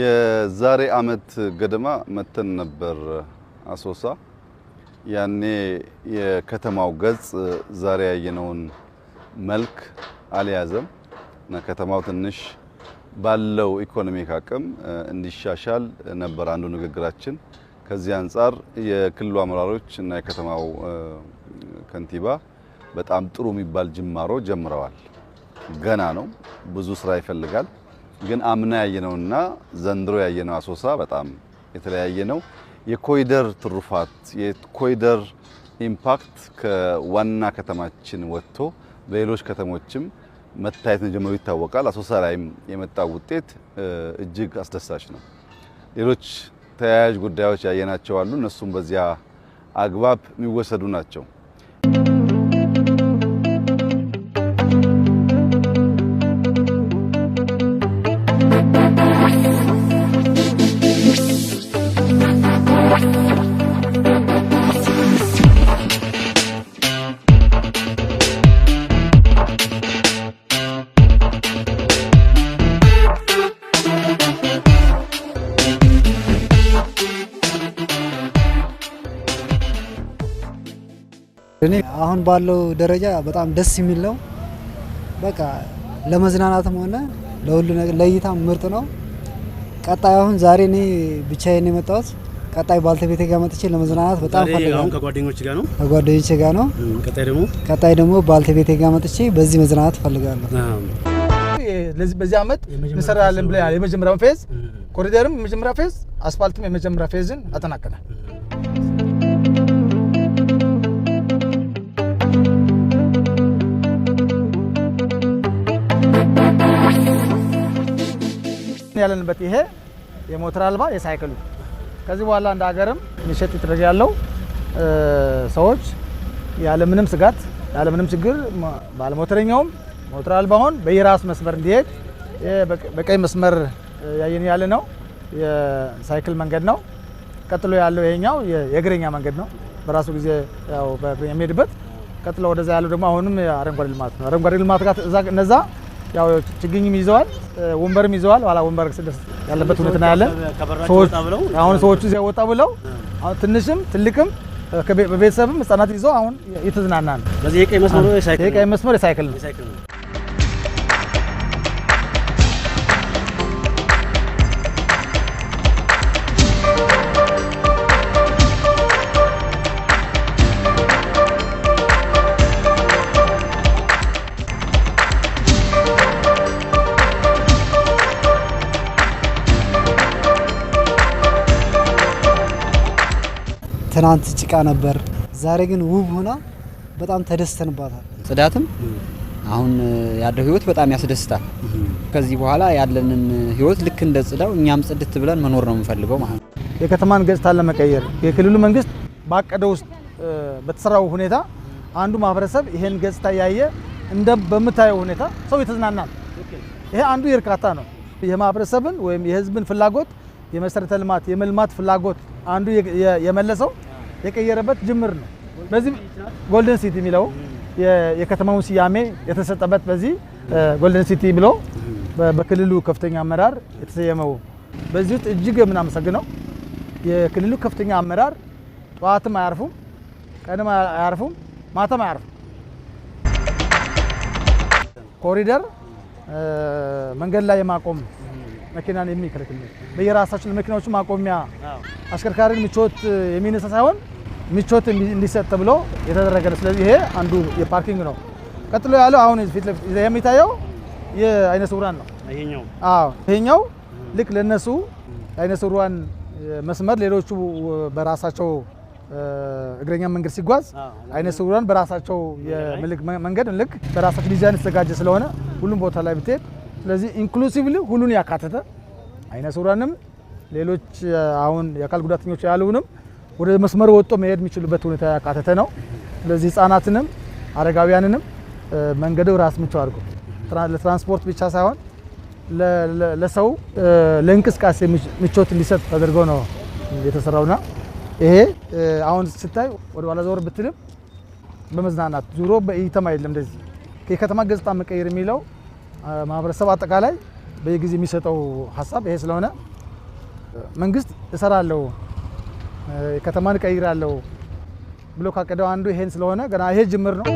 የዛሬ አመት ገደማ መተን ነበር አሶሳ። ያኔ የከተማው ገጽ ዛሬ ያየነውን መልክ አልያዘም እና ከተማው ትንሽ ባለው ኢኮኖሚክ አቅም እንዲሻሻል ነበር አንዱ ንግግራችን። ከዚህ አንጻር የክልሉ አመራሮች እና የከተማው ከንቲባ በጣም ጥሩ የሚባል ጅማሮ ጀምረዋል። ገና ነው፣ ብዙ ስራ ይፈልጋል። ግን አምና ያየነውና ዘንድሮ ያየነው አሶሳ በጣም የተለያየ ነው። የኮሪደር ትሩፋት የኮሪደር ኢምፓክት ከዋና ከተማችን ወጥቶ በሌሎች ከተሞችም መታየት መጀመሩ ይታወቃል። አሶሳ ላይም የመጣው ውጤት እጅግ አስደሳች ነው። ሌሎች ተያያዥ ጉዳዮች ያየናቸው አሉ። እነሱም በዚያ አግባብ የሚወሰዱ ናቸው። እኔ አሁን ባለው ደረጃ በጣም ደስ የሚል ነው። በቃ ለመዝናናትም ሆነ ለሁሉ ነገር ለእይታም ምርጥ ነው። ቀጣይ አሁን ዛሬ እኔ ብቻዬን የመጣሁት ቀጣይ ባልተቤቴ ጋር መጥቼ ለመዝናናት በጣም ፈልጋለሁ። ከጓደኞች ጋር ነው ከጓደኞች ጋር ነው። ቀጣይ ደግሞ ቀጣይ ደግሞ ባልተቤቴ ጋር መጥቼ በዚህ መዝናናት ፈልጋለሁ። በዚህ አመት እንሰራለን ብለናል። የመጀመሪያው ፌዝ ኮሪደርም የመጀመሪያ ፌዝ አስፋልትም የመጀመሪያ ፌዝን አጠናቀናል። ነው ያለንበት። ይሄ የሞተር አልባ የሳይክሉ ከዚህ በኋላ እንደ ሀገርም ኢኒሼት የተደረገ ያለው ሰዎች ያለምንም ስጋት ያለምንም ችግር ባለሞተረኛውም ሞተር አልባውን በየራስ መስመር እንዲሄድ በቀይ መስመር ያየን ያለ ነው። የሳይክል መንገድ ነው። ቀጥሎ ያለው ይሄኛው የእግረኛ መንገድ ነው። በራሱ ጊዜ ያው የሚሄድበት ቀጥሎ ወደዛ ያለው ደግሞ አሁንም አረንጓዴ ልማት ነው። አረንጓዴ ልማት ጋር እነዛ ያው ችግኝም ይዘዋል፣ ወንበርም ይዘዋል። ኋላ ወንበር ስድስት ያለበት ሁኔታ ነው ያለን። ሰዎች አሁን ሰዎቹ እዚያ ወጣ ብለው ትንሽም ትልቅም በቤተሰብም ህጻናት ይዘው አሁን እየተዝናና ነው። በዚህ የቀይ መስመር የሳይክል ነው። ትናንት ጭቃ ነበር፣ ዛሬ ግን ውብ ሆና በጣም ተደስተንባታል። ጽዳትም አሁን ያለው ህይወት በጣም ያስደስታል። ከዚህ በኋላ ያለንን ህይወት ልክ እንደ ጽዳው እኛም ጽድት ብለን መኖር ነው የምንፈልገው ማለት ነው። የከተማን ገጽታ ለመቀየር የክልሉ መንግስት ባቀደ ውስጥ በተሰራው ሁኔታ አንዱ ማህበረሰብ ይሄን ገጽታ ያየ እንደ በምታየው ሁኔታ ሰው የተዝናናል። ይሄ አንዱ የእርካታ ነው። የማህበረሰብን ወይም የህዝብን ፍላጎት የመሰረተ ልማት የመልማት ፍላጎት አንዱ የመለሰው የቀየረበት ጅምር ነው። በዚህ ጎልደን ሲቲ የሚለው የከተማውን ስያሜ የተሰጠበት በዚህ ጎልደን ሲቲ ብሎ በክልሉ ከፍተኛ አመራር የተሰየመው። በዚህ ውስጥ እጅግ የምናመሰግነው የክልሉ ከፍተኛ አመራር ጠዋትም አያርፉም፣ ቀንም አያርፉም፣ ማታም አያርፉም። ኮሪደር መንገድ ላይ የማቆም መኪናን የሚከለክል በየራሳችን ለመኪናዎቹ ማቆሚያ አሽከርካሪን ምቾት የሚነሳ ሳይሆን ምቾት እንዲሰጥ ተብሎ የተደረገ ነው። ስለዚህ ይሄ አንዱ የፓርኪንግ ነው። ቀጥሎ ያለው አሁን ፊት ለፊት የሚታየው የአይነ ስውራን ነው። ይሄኛው ልክ ለነሱ የአይነ ስውራን መስመር ሌሎቹ በራሳቸው እግረኛ መንገድ ሲጓዝ አይነ ስውራን በራሳቸው የምልክ መንገድ ልክ በራሳቸው ዲዛይን የተዘጋጀ ስለሆነ ሁሉም ቦታ ላይ ብትሄድ ስለዚህ ኢንክሉሲቭሊ ሁሉን ያካተተ አይነ ስውራንም ሌሎች አሁን የአካል ጉዳተኞች ያሉንም ወደ መስመር ወጥቶ መሄድ የሚችሉበት ሁኔታ ያካተተ ነው። ስለዚህ ህጻናትንም አረጋውያንንም መንገዱ ራስ ምቹ አድርጎ ለትራንስፖርት ብቻ ሳይሆን ለሰው ለእንቅስቃሴ ምቾት እንዲሰጥ ተደርጎ ነው የተሰራውና ይሄ አሁን ስታይ ወደ ኋላ ዞር ብትልም በመዝናናት ዙሮ በእይተም የለም እንደዚህ የከተማ ገጽታ መቀየር የሚለው ማህበረሰብ አጠቃላይ በየጊዜ የሚሰጠው ሀሳብ ይሄ ስለሆነ መንግስት እሰራለሁ ከተማን እቀይራለሁ ብሎ ካቀደው አንዱ ይሄን ስለሆነ ገና ይሄ ጅምር ነው።